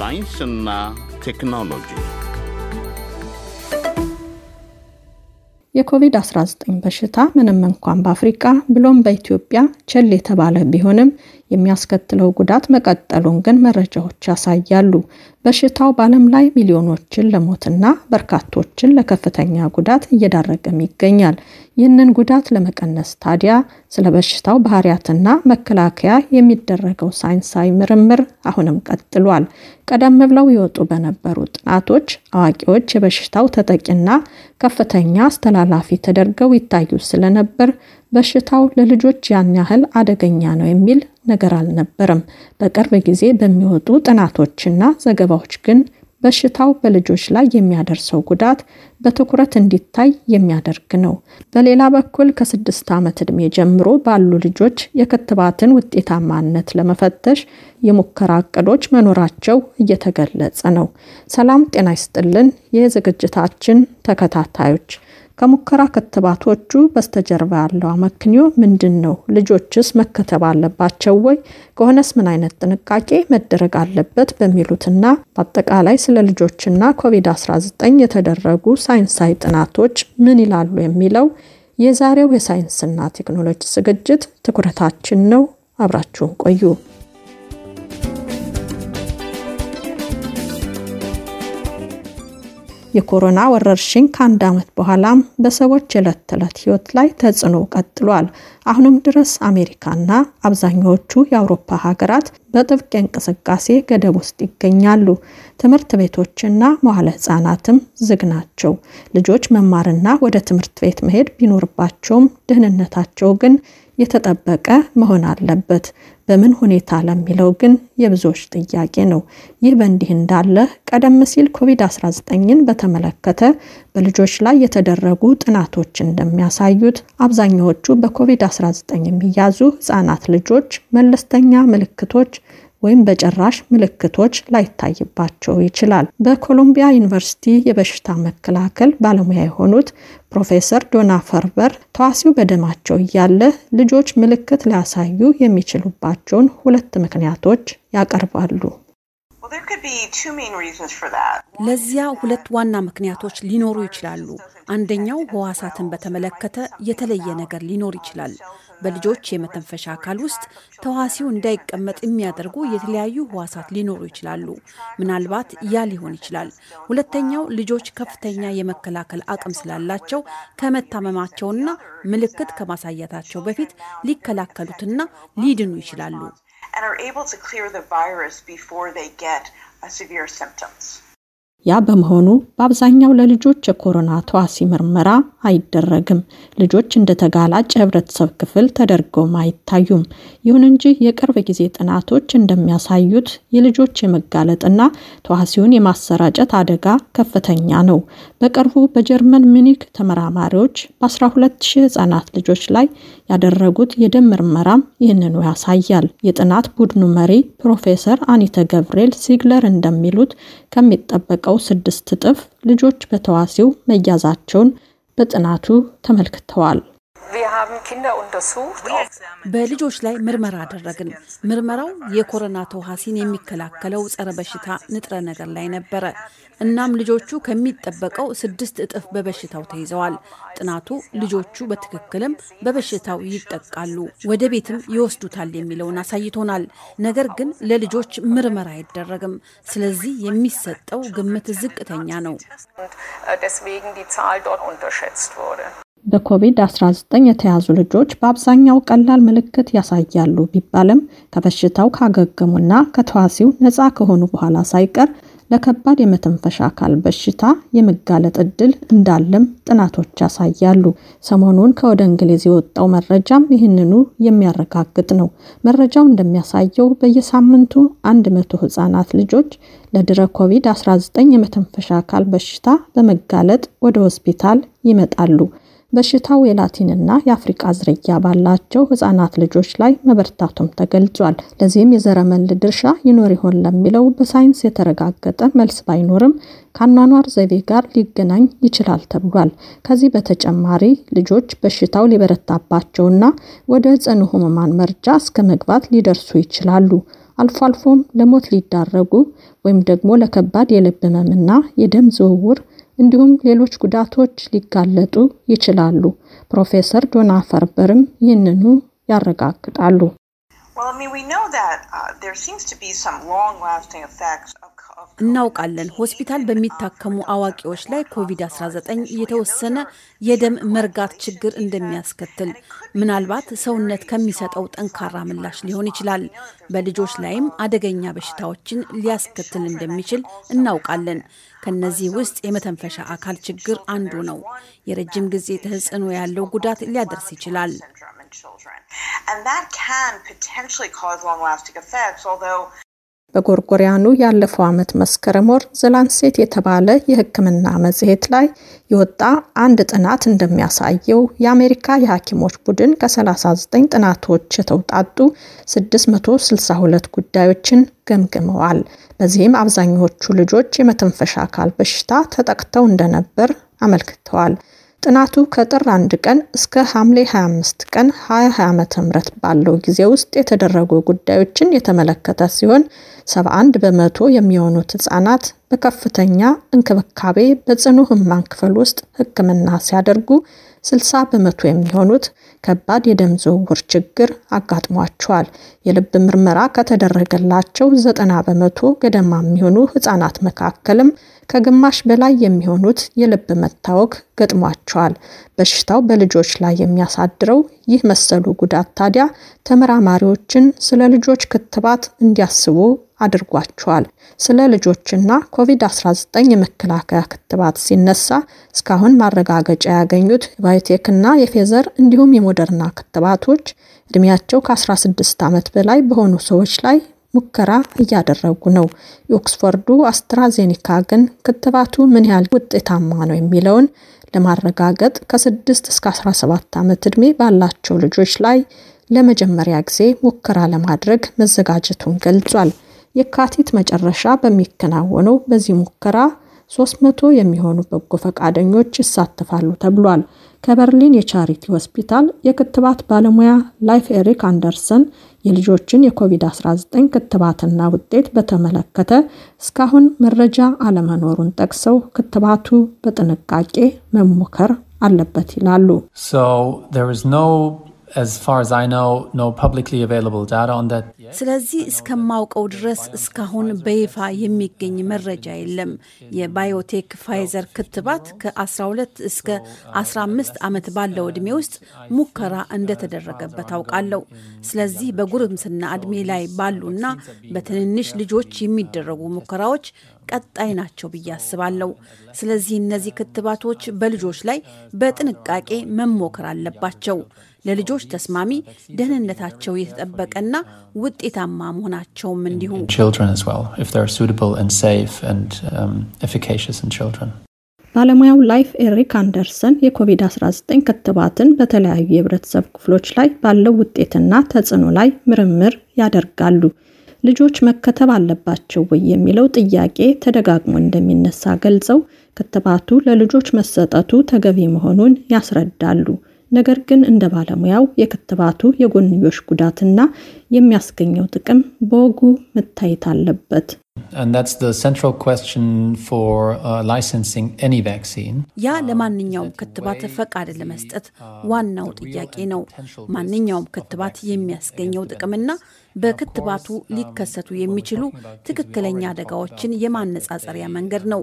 ሳይንስና ቴክኖሎጂ የኮቪድ-19 በሽታ ምንም እንኳን በአፍሪካ ብሎም በኢትዮጵያ ቸል የተባለ ቢሆንም የሚያስከትለው ጉዳት መቀጠሉን ግን መረጃዎች ያሳያሉ። በሽታው በዓለም ላይ ሚሊዮኖችን ለሞትና በርካቶችን ለከፍተኛ ጉዳት እየዳረገም ይገኛል። ይህንን ጉዳት ለመቀነስ ታዲያ ስለ በሽታው ባህሪያትና መከላከያ የሚደረገው ሳይንሳዊ ምርምር አሁንም ቀጥሏል። ቀደም ብለው ይወጡ በነበሩ ጥናቶች አዋቂዎች የበሽታው ተጠቂና ከፍተኛ አስተላላፊ ተደርገው ይታዩ ስለነበር በሽታው ለልጆች ያን ያህል አደገኛ ነው የሚል ነገር አልነበረም። በቅርብ ጊዜ በሚወጡ ጥናቶችና ዘገባ ዘገባዎች ግን በሽታው በልጆች ላይ የሚያደርሰው ጉዳት በትኩረት እንዲታይ የሚያደርግ ነው። በሌላ በኩል ከስድስት ዓመት ዕድሜ ጀምሮ ባሉ ልጆች የክትባትን ውጤታማነት ለመፈተሽ የሙከራ እቅዶች መኖራቸው እየተገለጸ ነው። ሰላም ጤና ይስጥልን። የዝግጅታችን ተከታታዮች ከሙከራ ክትባቶቹ በስተጀርባ ያለው አመክንዮ ምንድን ነው? ልጆችስ መከተብ አለባቸው ወይ? ከሆነስ ምን አይነት ጥንቃቄ መደረግ አለበት? በሚሉትና በአጠቃላይ ስለ ልጆችና ኮቪድ-19 የተደረጉ ሳይንሳዊ ጥናቶች ምን ይላሉ የሚለው የዛሬው የሳይንስና ቴክኖሎጂ ዝግጅት ትኩረታችን ነው። አብራችሁን ቆዩ። የኮሮና ወረርሽኝ ከአንድ ዓመት በኋላም በሰዎች የዕለት ተዕለት ሕይወት ላይ ተጽዕኖ ቀጥሏል። አሁንም ድረስ አሜሪካና አብዛኛዎቹ የአውሮፓ ሀገራት በጥብቅ የእንቅስቃሴ ገደብ ውስጥ ይገኛሉ። ትምህርት ቤቶችና መዋለ ህፃናትም ዝግ ናቸው። ልጆች መማርና ወደ ትምህርት ቤት መሄድ ቢኖርባቸውም ደህንነታቸው ግን የተጠበቀ መሆን አለበት። በምን ሁኔታ ለሚለው ግን የብዙዎች ጥያቄ ነው። ይህ በእንዲህ እንዳለ ቀደም ሲል ኮቪድ-19ን በተመለከተ በልጆች ላይ የተደረጉ ጥናቶች እንደሚያሳዩት አብዛኛዎቹ በኮቪድ-19 የሚያዙ ሕፃናት ልጆች መለስተኛ ምልክቶች ወይም በጭራሽ ምልክቶች ላይታይባቸው ይችላል። በኮሎምቢያ ዩኒቨርሲቲ የበሽታ መከላከል ባለሙያ የሆኑት ፕሮፌሰር ዶና ፈርበር ተዋሲው በደማቸው እያለ ልጆች ምልክት ሊያሳዩ የሚችሉባቸውን ሁለት ምክንያቶች ያቀርባሉ። ለዚያ ሁለት ዋና ምክንያቶች ሊኖሩ ይችላሉ። አንደኛው ህዋሳትን በተመለከተ የተለየ ነገር ሊኖር ይችላል። በልጆች የመተንፈሻ አካል ውስጥ ተዋሲው እንዳይቀመጥ የሚያደርጉ የተለያዩ ህዋሳት ሊኖሩ ይችላሉ። ምናልባት ያ ሊሆን ይችላል። ሁለተኛው ልጆች ከፍተኛ የመከላከል አቅም ስላላቸው ከመታመማቸውና ምልክት ከማሳየታቸው በፊት ሊከላከሉትና ሊድኑ ይችላሉ። ያ በመሆኑ በአብዛኛው ለልጆች የኮሮና ተዋሲ ምርመራ አይደረግም። ልጆች እንደ ተጋላጭ የህብረተሰብ ክፍል ተደርገውም አይታዩም። ይሁን እንጂ የቅርብ ጊዜ ጥናቶች እንደሚያሳዩት የልጆች የመጋለጥና ተዋሲውን የማሰራጨት አደጋ ከፍተኛ ነው። በቅርቡ በጀርመን ሚኒክ ተመራማሪዎች በ120 ህጻናት ልጆች ላይ ያደረጉት የደም ምርመራም ይህንኑ ያሳያል። የጥናት ቡድኑ መሪ ፕሮፌሰር አኒተ ገብርኤል ሲግለር እንደሚሉት ከሚጠበቀው ካለቀው ስድስት እጥፍ ልጆች በተዋሲው መያዛቸውን በጥናቱ ተመልክተዋል። በልጆች ላይ ምርመራ አደረግን። ምርመራው የኮሮና ተዋሲን የሚከላከለው ጸረ በሽታ ንጥረ ነገር ላይ ነበረ። እናም ልጆቹ ከሚጠበቀው ስድስት እጥፍ በበሽታው ተይዘዋል። ጥናቱ ልጆቹ በትክክልም በበሽታው ይጠቃሉ፣ ወደ ቤትም ይወስዱታል የሚለውን አሳይቶናል። ነገር ግን ለልጆች ምርመራ አይደረግም። ስለዚህ የሚሰጠው ግምት ዝቅተኛ ነው። äh, በኮቪድ-19 የተያዙ ልጆች በአብዛኛው ቀላል ምልክት ያሳያሉ ቢባልም ከበሽታው ካገገሙና ከተዋሲው ነፃ ከሆኑ በኋላ ሳይቀር ለከባድ የመተንፈሻ አካል በሽታ የመጋለጥ ዕድል እንዳለም ጥናቶች ያሳያሉ። ሰሞኑን ከወደ እንግሊዝ የወጣው መረጃም ይህንኑ የሚያረጋግጥ ነው። መረጃው እንደሚያሳየው በየሳምንቱ 100 ህጻናት ልጆች ለድረ ኮቪድ-19 የመተንፈሻ አካል በሽታ በመጋለጥ ወደ ሆስፒታል ይመጣሉ። በሽታው የላቲንና የአፍሪቃ ዝርያ ባላቸው ህጻናት ልጆች ላይ መበርታቱም ተገልጿል። ለዚህም የዘረመል ድርሻ ይኖር ይሆን ለሚለው በሳይንስ የተረጋገጠ መልስ ባይኖርም ከአኗኗር ዘይቤ ጋር ሊገናኝ ይችላል ተብሏል። ከዚህ በተጨማሪ ልጆች በሽታው ሊበረታባቸውና ወደ ጽኑ ህሙማን መርጃ እስከ መግባት ሊደርሱ ይችላሉ። አልፎ አልፎም ለሞት ሊዳረጉ ወይም ደግሞ ለከባድ የልብ ህመምና የደም ዝውውር እንዲሁም ሌሎች ጉዳቶች ሊጋለጡ ይችላሉ። ፕሮፌሰር ዶናፈርበርም በርም ይህንኑ ያረጋግጣሉ። Uh, እናውቃለን ሆስፒታል በሚታከሙ አዋቂዎች ላይ ኮቪድ-19 የተወሰነ የደም መርጋት ችግር እንደሚያስከትል ምናልባት ሰውነት ከሚሰጠው ጠንካራ ምላሽ ሊሆን ይችላል። በልጆች ላይም አደገኛ በሽታዎችን ሊያስከትል እንደሚችል እናውቃለን። ከነዚህ ውስጥ የመተንፈሻ አካል ችግር አንዱ ነው። የረጅም ጊዜ ተጽዕኖ ያለው ጉዳት ሊያደርስ ይችላል። And that can potentially cause long-lasting effects, although በጎርጎሪያኑ ያለፈው ዓመት መስከረም ወር ዘላንሴት የተባለ የሕክምና መጽሔት ላይ የወጣ አንድ ጥናት እንደሚያሳየው የአሜሪካ የሐኪሞች ቡድን ከ39 ጥናቶች የተውጣጡ 662 ጉዳዮችን ገምግመዋል። በዚህም አብዛኞቹ ልጆች የመተንፈሻ አካል በሽታ ተጠቅተው እንደነበር አመልክተዋል። ጥናቱ ከጥር 1 ቀን እስከ ሐምሌ 25 ቀን 2020 ዓ.ም ባለው ጊዜ ውስጥ የተደረጉ ጉዳዮችን የተመለከተ ሲሆን 71 በመቶ የሚሆኑት ህጻናት በከፍተኛ እንክብካቤ በጽኑ ህማን ክፍል ውስጥ ሕክምና ሲያደርጉ 60 በመቶ የሚሆኑት ከባድ የደም ዝውውር ችግር አጋጥሟቸዋል። የልብ ምርመራ ከተደረገላቸው 90 በመቶ ገደማ የሚሆኑ ህጻናት መካከልም ከግማሽ በላይ የሚሆኑት የልብ መታወክ ገጥሟቸዋል። በሽታው በልጆች ላይ የሚያሳድረው ይህ መሰሉ ጉዳት ታዲያ ተመራማሪዎችን ስለ ልጆች ክትባት እንዲያስቡ አድርጓቸዋል። ስለ ልጆችና ኮቪድ-19 የመከላከያ ክትባት ሲነሳ እስካሁን ማረጋገጫ ያገኙት የባዮቴክና የፌዘር እንዲሁም የሞደርና ክትባቶች እድሜያቸው ከ16 ዓመት በላይ በሆኑ ሰዎች ላይ ሙከራ እያደረጉ ነው። የኦክስፎርዱ አስትራዜኒካ ግን ክትባቱ ምን ያህል ውጤታማ ነው የሚለውን ለማረጋገጥ ከ6 እስከ 17 ዓመት ዕድሜ ባላቸው ልጆች ላይ ለመጀመሪያ ጊዜ ሙከራ ለማድረግ መዘጋጀቱን ገልጿል። የካቲት መጨረሻ በሚከናወነው በዚህ ሙከራ 300 የሚሆኑ በጎ ፈቃደኞች ይሳተፋሉ ተብሏል። ከበርሊን የቻሪቲ ሆስፒታል የክትባት ባለሙያ ላይፍ ኤሪክ አንደርሰን የልጆችን የኮቪድ-19 ክትባትና ውጤት በተመለከተ እስካሁን መረጃ አለመኖሩን ጠቅሰው ክትባቱ በጥንቃቄ መሞከር አለበት ይላሉ። ስለዚህ እስከማውቀው ድረስ እስካሁን በይፋ የሚገኝ መረጃ የለም። የባዮቴክ ፋይዘር ክትባት ከ12 እስከ 15 ዓመት ባለው ዕድሜ ውስጥ ሙከራ እንደተደረገበት አውቃለሁ። ስለዚህ በጉርምስና ዕድሜ ላይ ባሉና በትንንሽ ልጆች የሚደረጉ ሙከራዎች ቀጣይ ናቸው ብዬ አስባለሁ። ስለዚህ እነዚህ ክትባቶች በልጆች ላይ በጥንቃቄ መሞከር አለባቸው። ለልጆች ተስማሚ፣ ደህንነታቸው የተጠበቀና ውጥ ውጤታማ መሆናቸውም እንዲሁ um, ባለሙያው ላይፍ ኤሪክ አንደርሰን የኮቪድ-19 ክትባትን በተለያዩ የህብረተሰብ ክፍሎች ላይ ባለው ውጤትና ተጽዕኖ ላይ ምርምር ያደርጋሉ። ልጆች መከተብ አለባቸው ወይ የሚለው ጥያቄ ተደጋግሞ እንደሚነሳ ገልጸው ክትባቱ ለልጆች መሰጠቱ ተገቢ መሆኑን ያስረዳሉ። ነገር ግን እንደ ባለሙያው የክትባቱ የጎንዮሽ ጉዳትና የሚያስገኘው ጥቅም በወጉ መታየት አለበት። Uh, ያ ለማንኛውም ክትባት ፈቃድ ለመስጠት ዋናው ጥያቄ ነው። ማንኛውም ክትባት የሚያስገኘው ጥቅምና በክትባቱ ሊከሰቱ የሚችሉ ትክክለኛ አደጋዎችን የማነጻጸሪያ መንገድ ነው።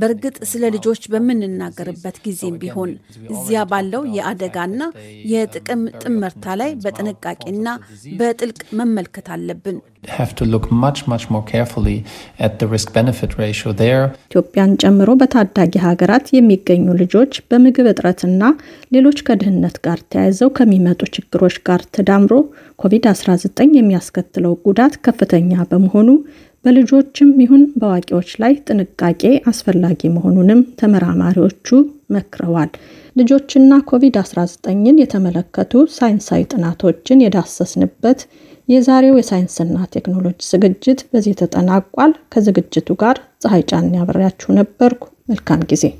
በእርግጥ ስለ ልጆች በምንናገርበት ጊዜም ቢሆን እዚያ ባለው የአደጋና የጥቅም ጥምርታ ላይ በጥንቃቄና በጥልቅ መመልከት አለብን። ኢትዮጵያን ጨምሮ በታዳጊ ሀገራት የሚገኙ ልጆች በምግብ እጥረትና ሌሎች ከድህነት ጋር ተያይዘው ከሚመጡ ችግሮች ጋር ተዳምሮ ኮቪድ-19 የሚያስከትለው ጉዳት ከፍተኛ በመሆኑ በልጆችም ይሁን በአዋቂዎች ላይ ጥንቃቄ አስፈላጊ መሆኑንም ተመራማሪዎቹ መክረዋል። ልጆችና ኮቪድ-19ን የተመለከቱ ሳይንሳዊ ጥናቶችን የዳሰስንበት የዛሬው የሳይንስና ቴክኖሎጂ ዝግጅት በዚህ ተጠናቋል። ከዝግጅቱ ጋር ፀሐይ ጫን ያበራችሁ ነበርኩ። መልካም ጊዜ